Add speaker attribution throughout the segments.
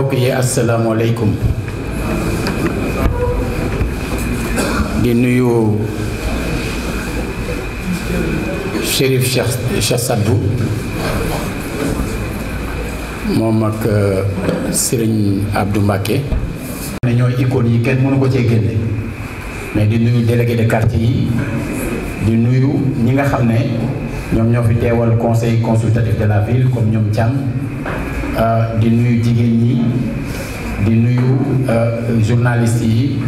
Speaker 1: bokk yi asalaamualeykum di nuyu Chérif Cheikh Cheikh Sadbou moom ak euh, Serigne Abdou Mbacké ne ñooy icônes yi kenn mënu ko cee génne mais di nuyu délégué de quartier yi di nuyu ñi nga xam ne ñoom ñoo fi teewal conseil consultatif de la ville comme ñoom Thiam euh, di nuyu jigéen ñi di nuyu euh, journaliste yi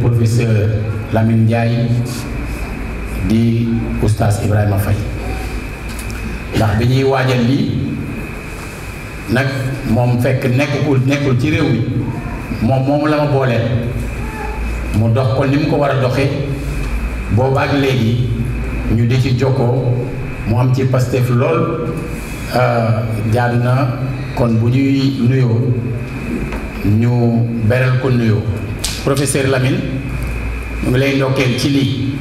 Speaker 1: professeur Lamine Ndiaye di oustaz Ibrahima Faye ndax bi ñuy waajal lii nag moom fekk nekkul nekkul ci mi la ma booleel mu dox ko ni ko je suis ci Pastef lool euh, jaar na kon ñu professeur Lamine ngi lay ndokkeel ci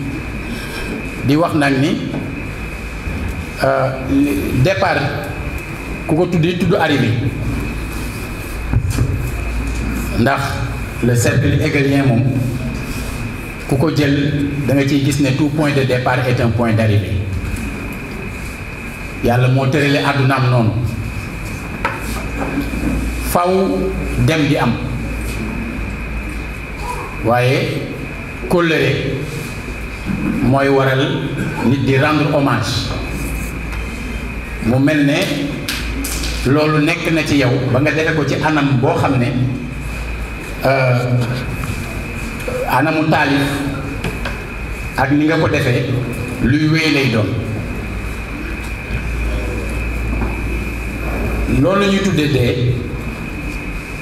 Speaker 1: euh, départ ku ko arrivé ndax le cercle égalien moom ku ko jël da tout point de départ est un point d'arrivée yàlla moo tërale àddunaam noonu faw dem di am waaye kóllëre mooy waral nit di rendre hommage mu mel ne loolu nekk na ci yow ba nga defe ko ci anam boo xam ne euh, anamu taalif ak ni nga ko defee luy wéy lay doon loolu la ñuy tuddee dee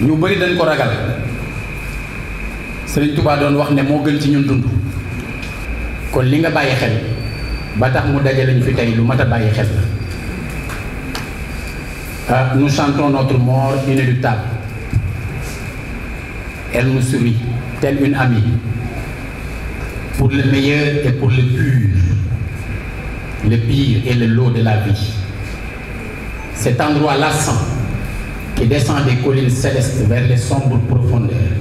Speaker 1: ñu bëri dañ ko ragal Sëriñ Tuubaa doon wax ne moo gën ci ñun dund kon li nga bàyyi xel ba tax mu daje lañu fi tey lu mat a bàyyi xel ah nous sentons notre mort inéluctable elle nous suit telle une amie pour le meilleur et pour le pur le pire et le lot de la vie cet endroit lassant qui descend des collines célestes vers les sombres profondeurs.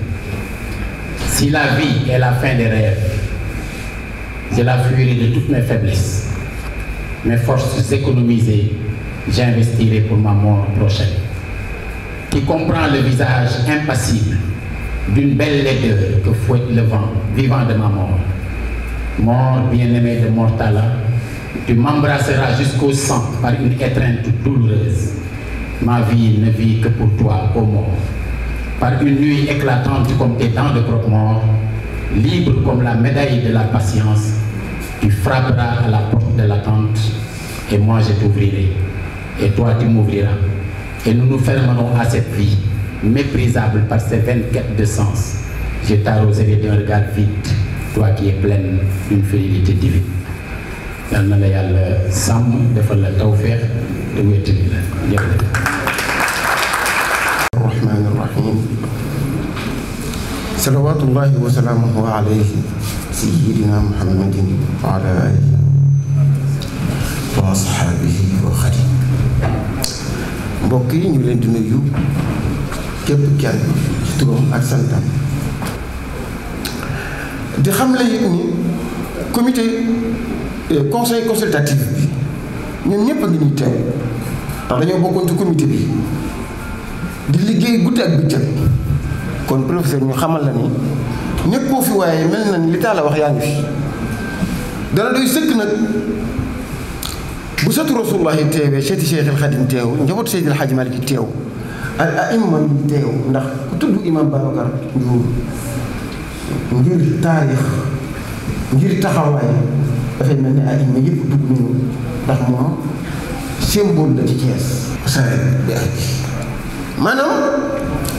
Speaker 1: Si la vie est la fin des rêves, je la fuirai de toutes mes faiblesses. Mes forces économisées, j'investirai pour ma mort prochaine. Qui comprend le visage impassible d'une belle laideur que fouette le vent vivant de ma mort. Mort bien-aimée de Mortala, tu m'embrasseras jusqu'au sang par une étreinte douloureuse. Ma vie ne vit que pour toi, ô mort. Par une nuit éclatante comme tes dents de croque-mort, libre comme la médaille de la patience, tu frapperas à la porte de l'attente et moi je t'ouvrirai. Et toi tu m'ouvriras. Et nous nous fermerons à cette vie, méprisable par ses vaines quêtes de sens. Je t'arroserai d'un regard vite, toi qui es pleine d'une félicité divine. na la yàlla sàmm defal la tawféex
Speaker 2: te wéttali la jërëjëf arrahmaan arrahim salawatullahi wa salaamuhu alayhi sayyidina muhammadin wa ala alihi wa ashaabihi wa xadim mbokk yi ñu leen di nuyu képp kenn ci turam ak santam di xam la yit ni comité conseil consultatif ñun ñëpp ngi ñuy teew ndax dañoo bokkoon ci comité bi di liggéey guddi ak bëccëg kon professeur ñu xamal la ni nekkoo fi waaye mel na ni li taala wax yaa ngi fi dana doy sëkk nag bu satu rasulullahi teewee seeti Cheikh El Khadim teew njabootu Seydil Hadji Malick teew al aima ñu teew ndax ku tudd imam Babacar Ndiour ngir taarix ngir taxawaay dafay mel ne ay ma yëpp dugg nañu ndax moom symbole la ci Thiès. saret bi ak maanaam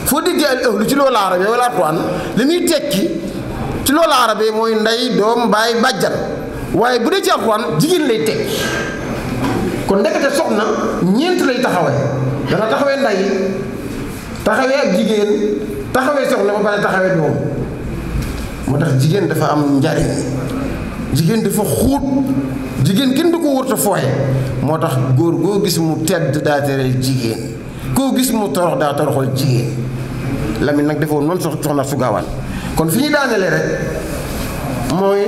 Speaker 2: foo déggee al ahlu ci loolu arabe wala alquran li muy tekki ci loolu arabe mooy ndey doom baay bàjjan waaye bu dee ci alquran jigéen lay tekki kon ndekete soxna ñeent lay taxawee dana taxawee ndey taxawee ak jigéen taxawee soxna ba pare taxawee doom moo tax jigéen dafa am njariñ jigéen dafa xuut jigéen kenn du ko wërta fooye moo tax góor goo gis mu tedd daa jigéen koo gis mu torox daa toroxal jigéen Lamine nag defoon noonu sox soxna su gaawaan kon fi ñu daanele rek mooy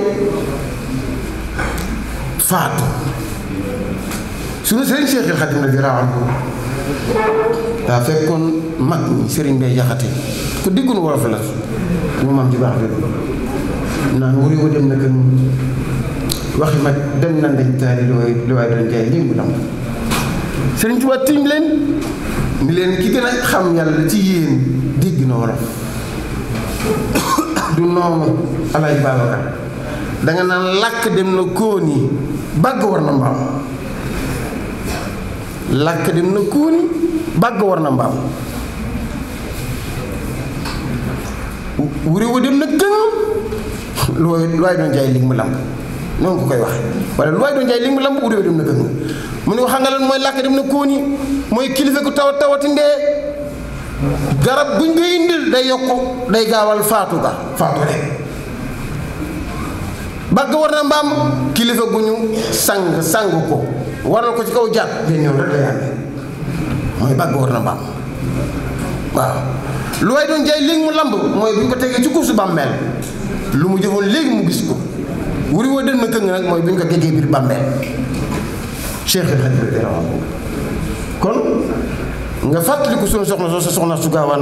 Speaker 2: faatu suñu sëriñ Seexul Xadim radiyallaahu anhu daa fekkoon mag ñi sëriñ Mbay Jaxate ku diggu nu wolof la ñu maam ci baax bi naan wuri wu dem na gën waxi mag dem na ndañ taari lu waay lu doon jaay lii mu lamb sëriñ Tuubaa tiim leen ni leen ki gën a xam yàlla ci yéen dégg na du noonu alaaj Babacar danga naan làkk dem na kóoni bàgg war na mbaam làkk dem na kóoni bàgg war na mbaam wuri wu dem na gën lu waay koy wax lu waay doon jaay li mu lamb udóobi ko mooy làkk dem na kóoni kilifa ku tawat tawati ndee garab buñ koy indil day yokk day gaawal faatu ga faatu mbaam kilifa gu ñu ko ci kaw jàpp benn yoon lu waay doon jaay li mu lamb mooy bu ñu ko tegee ci kursu bàmmeel lu mu jëfoon léegi mu gis ko wuri woo den ma këng nag mooy bu ñu ko géejee biir bàmmeel kon nga fàttaliku suñu soxna soo sa soxna su gaawaan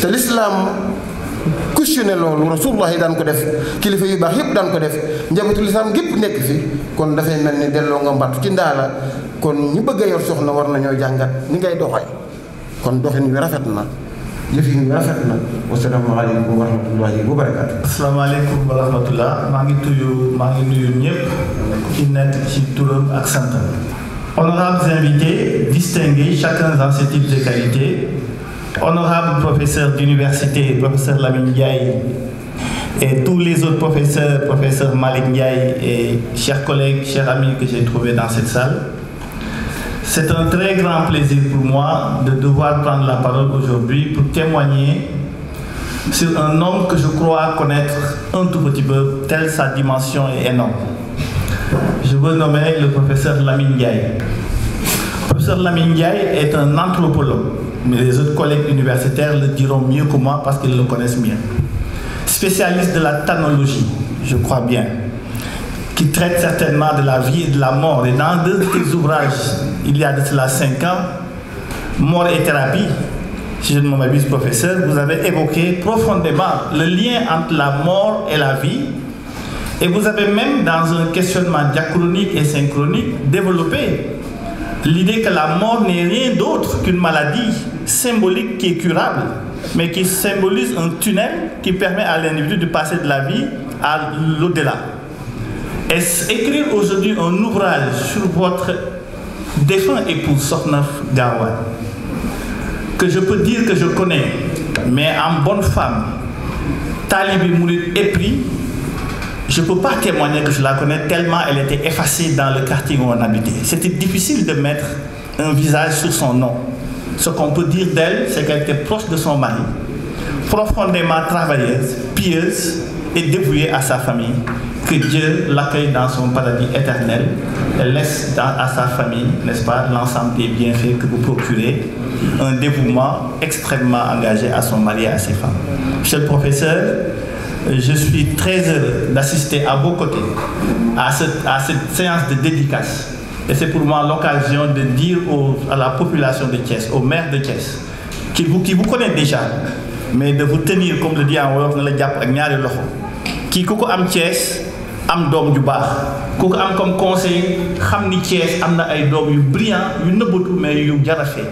Speaker 2: te lislaam questionné loolu rasulullah yi daan ko def kilifa yu baax yépp daan ko def njabootu lislaam gépp nekk fi kon dafay mel ni delloo nga mbattu ci ndaa la kon ñu bëgg a yor soxna war na nañoo jàngat ni ngay doxee kon doxin wi rafet na
Speaker 3: honorables invités distingués chacun dans ses types de qualités honorable professeurs d'université professeur Lamine Ndiaye et tous les autres professeurs professeur Malik Ndiaye et chers collègues chers amis que j'ai trouvés dans cette salle. C'est un très grand plaisir pour moi de devoir prendre la parole aujourd'hui pour témoigner sur un homme que je crois connaître un tout petit peu, telle sa dimension est énorme. Je veux nommer le professeur Lamine Gaye. Le professeur Lamine est un anthropologue, mais les autres collègues universitaires le diront mieux que moi parce qu'ils le connaissent bien. Spécialiste de la tanologie, je crois bien, qui traite certainement de la vie et de la mort. Et dans deux de ses ouvrages, il y a de cela cinq ans, Mort et Thérapie, si je ne m'abuse, professeur, vous avez évoqué profondément le lien entre la mort et la vie. Et vous avez même, dans un questionnement diachronique et synchronique, développé l'idée que la mort n'est rien d'autre qu'une maladie symbolique qui est curable, mais qui symbolise un tunnel qui permet à l'individu de passer de la vie à l'au-delà. Est-ce écrire aujourd'hui un ouvrage sur votre défunt époux Soknaf Gawa, que je peux dire que je connais, mais en bonne femme, Talibi et puis je ne peux pas témoigner que je la connais tellement elle était effacée dans le quartier où on habitait. C'était difficile de mettre un visage sur son nom. Ce qu'on peut dire d'elle, c'est qu'elle était proche de son mari, profondément travailleuse, pieuse et dévouée à sa famille, que Dieu l'accueille dans son paradis éternel et laisse à sa famille, n'est-ce pas, l'ensemble des bienfaits que vous procurez, un dévouement extrêmement engagé à son mari et à ses femmes. Monsieur le professeur, je suis très heureux d'assister à vos côtés à cette, à cette séance de dédicace. Et c'est pour moi l'occasion de dire à la population de Thiès, au maire de Thiès, qui vous, qui vous connaît déjà, mais de vous tenir, comme le dit en Wolof, qui am doom ju baax ku ko am comme conseil xam ni Thiès am na ay doom yu brillant yu nëbbatu mais yu jara jarafe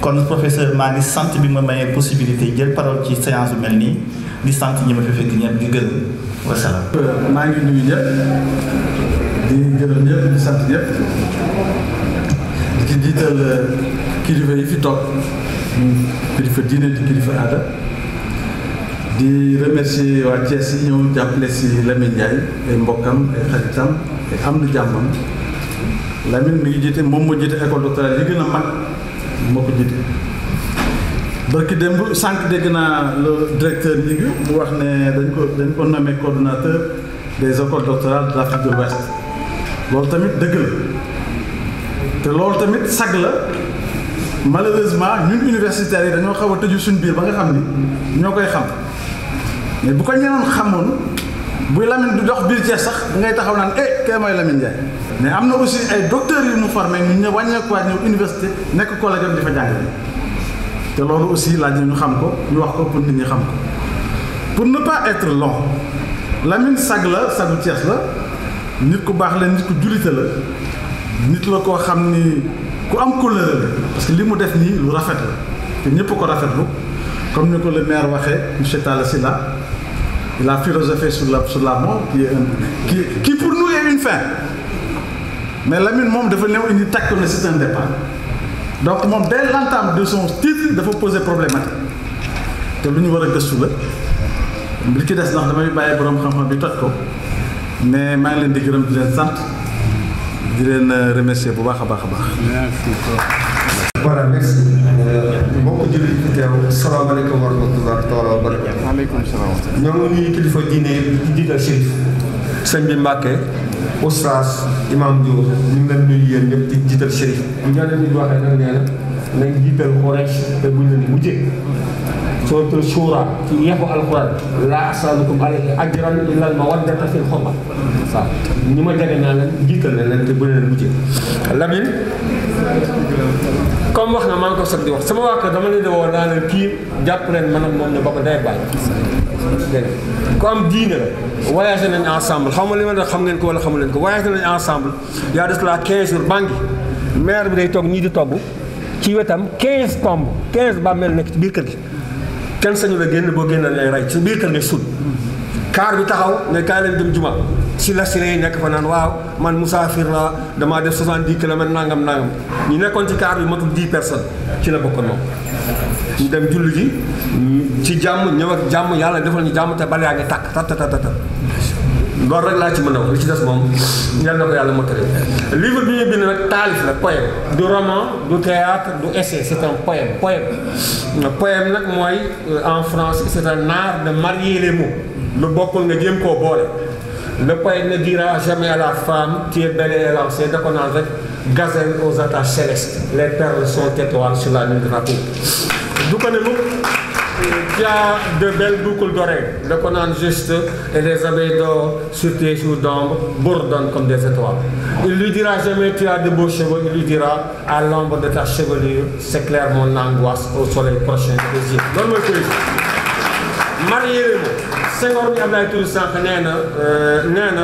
Speaker 3: kon professeur maa ni sant bi ma mayee possibilité jël parole ci séance bu mel nii di sant ñi ma fi fekk ñëpp di gërëm wasalaam.
Speaker 4: maa ngi nuyu ñëpp di gërëm ñëpp di sant euh, kilifa yi fi toog kilifa diine kilifa aada. di remercier waa Thiès yi ñëw jàppale si Lamine Ndiaye ay mbokkam ay xaritam ay am na jàmmam Lamine mi ngi jiite moom moo jiite école doctorale yi gën a mag moo ko jiite. barki démb sànq dégg naa le directeur bi mu wax ne dañ ko dañ ko nommé coordonnateur des écoles doctorales de l'Afrique de l'Ouest loolu tamit dëgg la te loolu tamit sag la malheureusement ñun universitaires yi dañoo xaw a tëju suñu biir ba nga xam ni ñoo koy xam. mais bu ko ñaan xamoon buy lamine du dox sax ngay taxaw naan eh kay mooy lamine jaay mais amna aussi ay docteur yu mu formé ñu wañé ko ñëw université nek collège am di fa jàngale té loolu aussi laaj ñu xam ko ñu wax ko pour nit ñi xam ko pour ne pas être long lamine sag la sagu ties la nit ku baax la nit ku julité la nit la ko xam ni ku am couleur la parce que li def ni lu rafet la té ñëpp ko lu comme ni ko le maire waxé monsieur Talla La philosophie sur la, mort, qui, pour nous est une fin. Mais Lamine Mom être une attaque comme le un départ. Donc, dès l'entame de son titre faut poser problème. a des pas Je borom mais je ngi remercier
Speaker 5: voilà merci euh, mbokk jullit fi teew salaamaaleykum wa rahmatulah taala wa barakatu. maaleykum salaam. nuyu kilifa diine ci jiital Chérif bi Mbàkke Oustaz Imam Diouf ñu ngi nuyu yéen ñëpp ci jiital Chérif. bu ñu leen di waxee nañ jiital Quraysh te bu ñu leen di mujjee. sooratul Shuura ci yeexu alquran laa as'alukum alayhi ajran illa al-mawaddata fil qurba waaw ñi ma jege naa leen jiital leen te bu leen mujjee Lamine. comme wax na maa ngi ko soog di wax sama waa kër dama leen di woo naa leen kii jàpp leen man ak moom ne ba ko day bàyyi. dégg ku am diine la voyagé nañ ensemble xaw ma li ma la xam ngeen ko wala xamu leen ko voyagé nañ ensemble yaa des la 15 jours baa ngi maire bi day toog ñii di togg ci wetam 15 tomb 15 bàmmeel nekk ci biir kër gi kenn sañu la génn boo génn lay rey ci biir kër ngay suul kaar bi taxaw ne kaay leen dem jumaa ci la siré yi nekk fa naan waaw man musaafir la damaa def 70 kilomètres nangam nangam ñu nekkoon ci kaar bi matul 10 personnes ci la bokkoon moom ñu dem julli ji ci jàmm ñëw jàmm yàlla defal ñu jàmm te bal yaa ngi tàkk tat tat loolu rek laa ci mën a wax ci des moom yal na ko yàlla mottali livre bi ñu bind nag taalif la poème du roman du théâtre du essai c' est un nag mooy euh, en France c' est un art de marier lu bokkul nga jéem koo boole Le poète ne dira jamais à la femme, qui est belle et élancée, donc on gazelle aux attaches célestes. Les perles sont étoiles sur la lune de la Vous connaissez tu as de belles boucles d'oreilles, le a juste et les abeilles d'or sur tes joues d'ombre bourdonnent comme des étoiles. Il lui dira jamais tu as de beaux cheveux, il lui dira à l'ombre de ta chevelure s'éclaire mon angoisse au soleil prochain des plaisir. marie euh,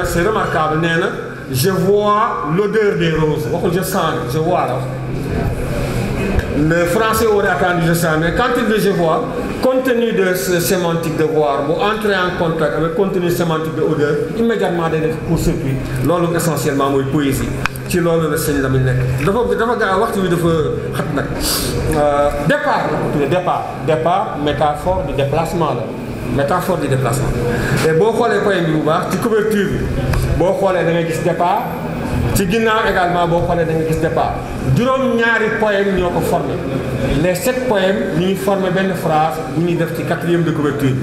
Speaker 5: c'est remarquable je vois l'odeur des roses je sens je vois le français aurait attendu je sens mais quand il dit je vois compte tenu de ce sémantique de voir vous entrer en contact avec le contenu sémantique de odeur immédiatement y a pour qui c'est essentiellement une poésie ci loolu la sëñ dafa euh, départ départ départ métaphore du déplacement métaphore du déplacement Et beaucoup les poème bi bu baax ci couverture beaucoup boo qui da ngay gis départ ci également beaucoup xoolee da ngay gis départ juróom-ñaari poème nous avons formé les sept poèmes nous avons formé une phrase nous avons fait ci quatrième de couverture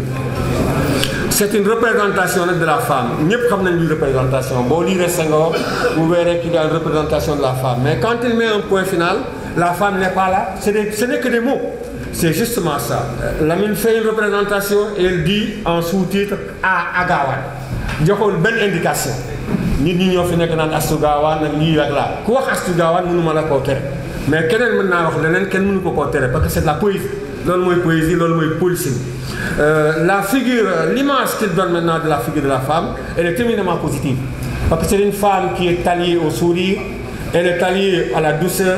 Speaker 5: c'est une représentation de la femme Nous xam nañ de représentation lisez lire Senghor vous verrez qu'il y a une représentation de la femme mais quand il met un point final la femme n'est pas là ce n'est que des mots c'est justement ça. Euh, mine fait une représentation et elle dit en sous-titre à Donc une belle indication nit ñi Ni fi nekk naan astu gaawaan nag Quoi ak laa ku wax astu mënu mais quel est le wax leneen kenn mënu ko parce que c'est de la poésie L'homme est poésie l'homme est poésie. la figure l'image qu'il donne maintenant de la figure de la femme elle est éminemment positive parce que c'est une femme qui est alliée au sourire elle est alliée à la douceur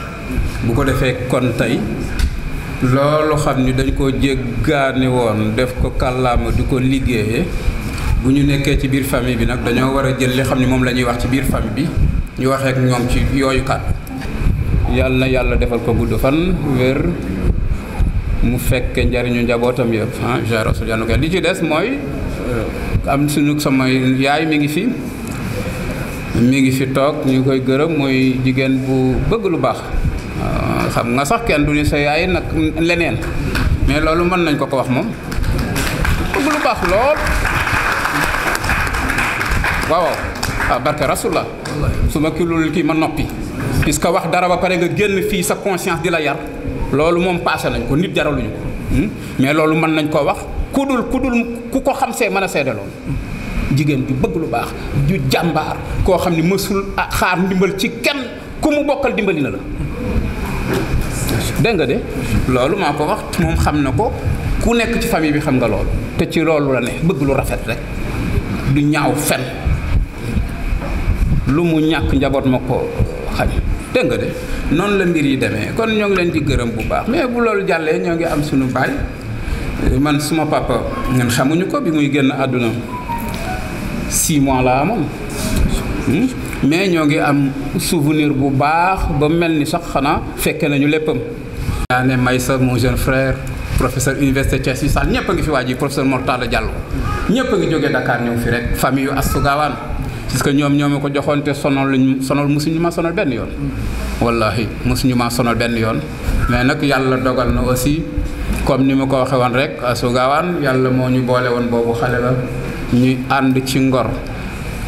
Speaker 6: bu ko defee kon tey loolu xam ni dañ ko jéggaane woon def ko kàllaama di ko liggéeyee bu ñu nekkee ci biir famille bi nag dañoo war a jël li xam ni moom la ñuy wax ci biir famille bi ñu waxee ak ñoom ci yooyu kat yàlla na defal ko gudd fan wér mu fekke njariñu njabootam yëpp ah jarosul yàlla ko li ci des mooy euh, am suñu sama yaay mi ngi fi mi ngi fi toog ñu koy gërëm mooy bu bëgg lu baax xam nga sax kenn du ni sa yaay nag leneen mais loolu mën nañ ko ko wax moom bëgg lu baax lool waaw waaw ah, barke rasulullah su ma kilul kii ma noppi puisque wax dara ba pare nga génn fii sa conscience di la yar loolu moom passé nañ ko nit jaraluñu hmm? mais loolu mën nañ koo wax ku dul ku dul ku ko xam see mën a seede jigéen ju bëgg lu baax ju jàmbaar koo xam ne mësul xaar ndimbal ci kenn ku mu bokkal dimbali na la dégg nga de loolu maa ko wax moom xam na ko ku nekk ci famille bi xam nga loolu te ci loolu la ne bëgg lu rafet rek du ñaaw fen lu mu ñàkk njaboot ma ko euh, xañ dégg nga de noonu la mbir yi demee kon ñoo ngi leen di gërëm bu baax mais bu loolu jàllee ñoo ngi am suñu baay euh, man suma papa ngeen xamuñu ko bi muy génn àdduna six mois laa amoon hmm? mais ñoo ngi am souvenir bu baax ba mel ni sax xanaa fekke nañu léppam naa ne Maïssa mon jeune frère professeur université Thiès yi sax ñëpp a ngi fi waa ji professeur Mortala Diallo ñëpp a ngi jógee Dakar ñëw fi rek famille yu Astou Gawane parce que ñoom ñoo ma ko joxoon te sonal luñ sonal mosuñu ma sonal benn yoon. wallahi mosuñu ma sonal benn yoon mais nag yàlla dogal na aussi comme ni ma ko waxee woon rek Astou Gawane yàlla moo ñu boole woon boobu xale la ñu ànd ci ngor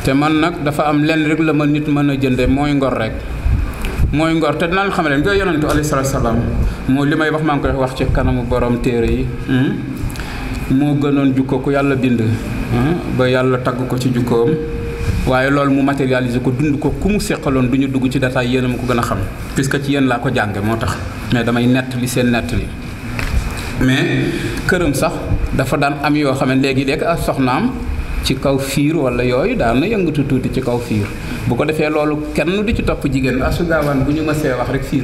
Speaker 6: te man nag dafa am lenn rek la ma nit mën a jëndee mooy ngor rek mooy ngor te dinaa leen xam ne nga yonantu alayhi salaam. moo li may wax maa ngi koy wax ci kanamu borom téere yi hmm? moo gënoon jukko ku yàlla bind hmm? ba yàlla tagg ko ci jukkoom waaye loolu mu matérialiser ko dund ko ku mu seqaloon du ñu dugg ci détail yéen a ma ko gën a xam que ci yéen laa ko jànge moo tax mais damay nett li seen nett li mais këram sax dafa daan am yoo xam ne léegi léegi ak ah soxnaam ci kaw fiir wala yooyu daan na yëngatu tuuti ci kaw fiir bu ko defee loolu kenn du ci topp jigéen asu ah, gaawaan bu ñu mësee wax rek fiir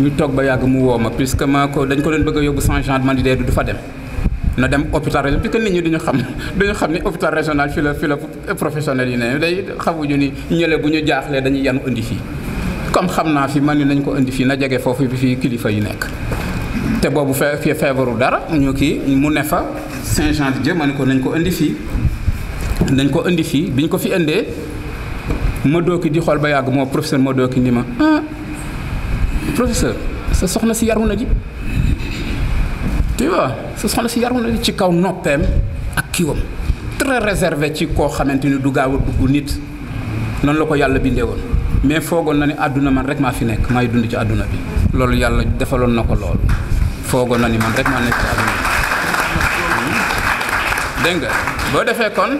Speaker 6: ñu toog ba yàgg mu wow ma puisque maa ko dañ ko doon bëgg a yóbbu sans gendarmerie dee du fa dem na dem hôpital régional puisque nit ñi duñu xam duñu xam ni hôpital régional fi la fi la professionnel yi ne day xamuñu ni ñële bu ñu jaaxlee dañuy yanu indi fii comme xam naa fi man ni nañ ko indi fii na jege foofu bi fii kilifa yi nekk te boobu fee feebaru dara ñu kii mu ne fa Saint-Jean-de-Dieu ma nañ ko indi fii nañ ko indi fii biñ ko fi indee ma ki di xool ba yàgg moo professeur ma dooki ni ma ah, professeur sa soxna si yaru na ji tu vois sa soxna si yaru na ji ci kaw noppeem ak kiwam très réservé ci koo xamante ni du gaaw a dugg nit noonu la ko yàlla bindee woon mais foogoon na ni àdduna man rek maa fi nekk maay dund ci àdduna bi loolu yàlla defaloon na ko lool foogoon na ni man rek maa nekk ci àdduna bi hmm? dégg nga boo defee kon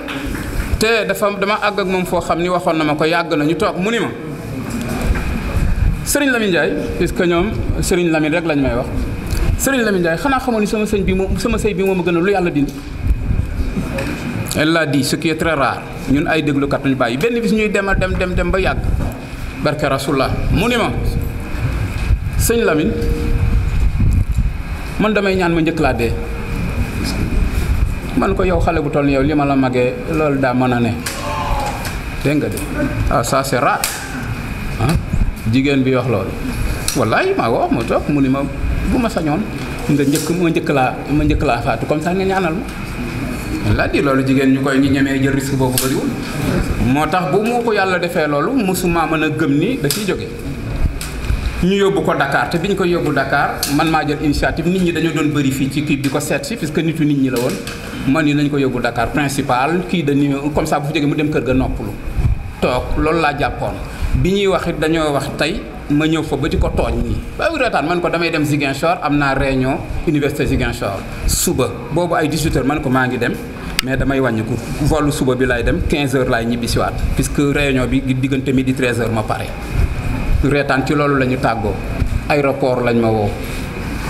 Speaker 6: te dafa dama àgg ak moom foo xam ni waxoon na ma ko yàgg na ñu toog mu ni ma serigne lamine jay puisque ñom serigne lamine rek lañ may wax serigne lamine jay xana xamone sama seigne bi mo sama sey bi mo gëna lu yalla bind elle a dit ce qui est très rare ñun ay déglu kat ñu bayyi benn bis ñuy dem dem dem dem ba yag barka rasulullah munima serigne lamine man damay ñaan ma ñëk la dé man ko yow xalé bu toll yow lima la magé lool da mëna né ah ça c'est rare jigéen bi wax loolu wallaay maa ko wax ma toog mu ni ma bu ma sañoon nga njëkk ma njëkk laa ma njëkk laa faatu comme ça nga ñaanal ma wallaay di loolu jigéen ñu koy ñu ñemee jël risque boobu bëriwul moo tax bu mu ko yàlla defee loolu mosuma mën a gëm ni da ciy jóge ñu yóbbu ko Dakar bi ñu ko yóbbu Dakar man maa jël initiative nit ñi dañoo doon bëri fii ci kii bi ko seet si puisque nitu nit ñi la woon man ni nañ ko yóbbu dakaar principal kii dañu comme ça bu fi jógee mu dem kër ga noppalu toog loolu laa jàppoon bi ñuy wax it dañoo wax tey ma ñëw fa ba di ko tooñ nii ba wu reetaan man ko damay dem Ziguinchor am naa réunion université Ziguinchor suba boobu ay 18 heures man ko maa ngi dem mais damay wàññiku volu suba bi laay dem quinze heures laay ñibbi siwaat puisque réunion bi diggante midi 13 heures ma pare reetaan ci loolu la ñu tàggoo aéroport lañ ma woo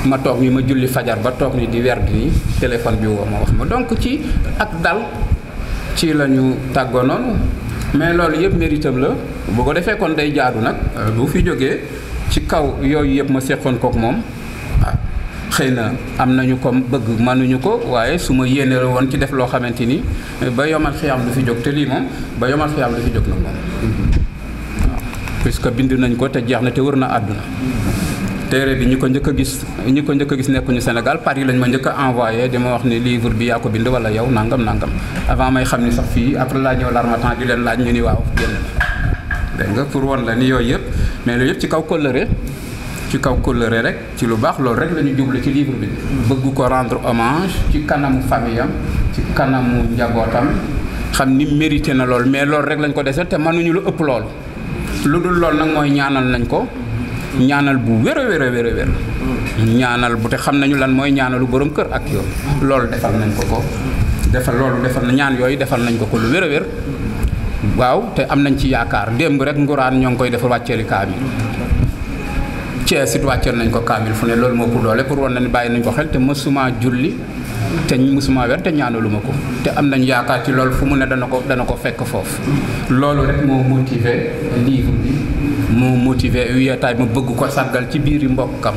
Speaker 6: ma toog ni ma julli fajar ba toog ni di werd nii téléphone bi woo ma wax ma donc ci ak dal ci la ñu tàggoo noonu mais loolu yëpp méritam la bu ko defee koon day jaadu nag euh, bu fi jógee ci kaw yooyu yëpp ma seqoon kook moom waaw ah, xëy na am nañu ko bëgg mënuñu ko waaye su ma yéene woon ci def loo xamante ni ba yomal xiyam du fi jóg te lii moom ba yomal xiyam du fi jóg nag moom waaw bind nañ ko te jeex na te wër na àdduna téré bi ñuko ñëk gis ñuko ñëk njëkk a gis nekkuñu Sénégal Paris lañ ma ñëk envoyer dama wax ni livre bi ya ko bind wala yow nangam nangam avant may xamni sax fi après la ñëw larmatan di len laaj ñu ni waaw génn dé nga pour won la ni yoy yëpp mais lo yëpp ci kaw kóllëre ci kaw kóllëre rek ci lu bax lool rek lañu jublu ci livre bi bëgg ko rendre hommage ci kanamu famille am ci kanamu njabotam xam ni mérité na lool mais lool rek lañ ko té te ñu lu ëpp lool lu dul loolu nag ñaanal nañ ko ñaanal bu wér a ñaanal bu te xam nañu lan mooy ñaanalu borom kër ak yow loolu defal nañ ko ko defal loolu defal na ñaan yooyu defal nañ ko ko lu wér waaw te am nañ ci yaakaar démb rek nguraan ñoo ngi koy defar wàcceeli kaamil Cees it wàcceel nañ ko kaamil fu ne loolu moo pour doole pour wan na ni bàyyi nañ ko xel te mësuma julli te musuma wer te ñaanaluma ko te am nañ yaakaar ci loolu fu mu ne dana ko dana ko fekk foofu loolu rek moo motivé livre bi moo motivé wiyataay ma bëgg ko sàggal ci biiri mbokkam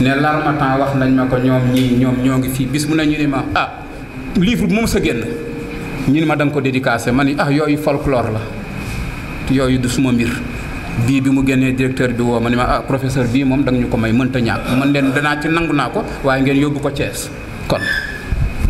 Speaker 6: ne larmatan wax nañ ma ko ñoom ñii ñoom fi bis mu ne ñu ma ah livre bi moom sa génn ñu ne ma da nga ko dédicacé ah yooyu folklore la yooyu du suma mbir bii bi mu génnee directeur bi woo ma ma ah professeur bii moom da nga ñu ko may mënta ñàkk man leen danaa ci nangu naa ngeen ko kon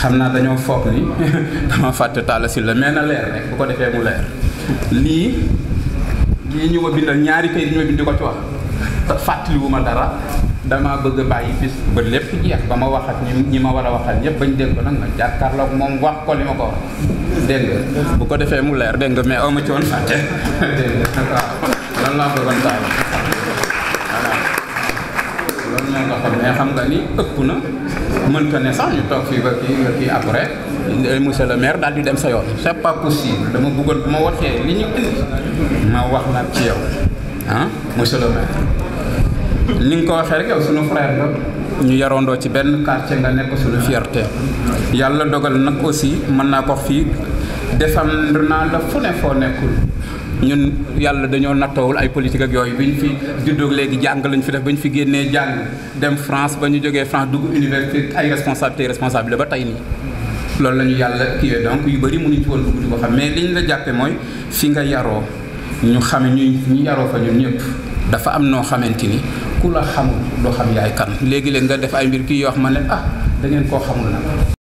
Speaker 6: xamna naa dañoo foog ni dama fatte tala sil la mais leer rek bu ko defé mu leer li lii ñu ko bindal ñaari kay ñu bind ko ci wax te fàttaliwuma dara dama bëgg bayyi bis ba lepp jeex ba ma wax ak ñi ñi ma wara waxal ñëpp bañ dégg ko nag ma jàkkaarloog mom wax ko limako wax dégg bu ko defé mu leer dégg mais awma ci won fatte dégg nak lan laa bëggoon noonu la xam ne xam nga ni ëpp na ya mënta ne sax ñu toog fii ba kii ba kii après monsieur le maire daal di dem sa yoon c' est pas possible dama bëggoon bu ma waxee li ñu indi ma wax nag ci yow ah monsieur le maire ni nga ko waxee rek yow sunu frère la ñu yarondoo ci benn quartier nga nekk sunu fierté yàlla dogal nag aussi mën naa ko fii défendre naa la fu ne foo nekkul ñun yàlla dañoo nattawul ay politique ak yooyu bi ñu fi juddoog léegi jàng lañ fi def ba ñu fi génnee jàng dem France ba ñu jógee France dugg université ay responsabilité responsable ba tey nii loolu la ñu yàlla kiiwee donc yu bëri mënuñ ci woon dugg di ko xam mais li ñu la jàppee mooy fi nga yaroo ñu xame ñu ñu yaroo fa ñun ñëpp dafa am noo xamante ni ku la xamul doo xam yaay kan léegi leen nga def ay mbir kii yoo xam ne ah da koo xamul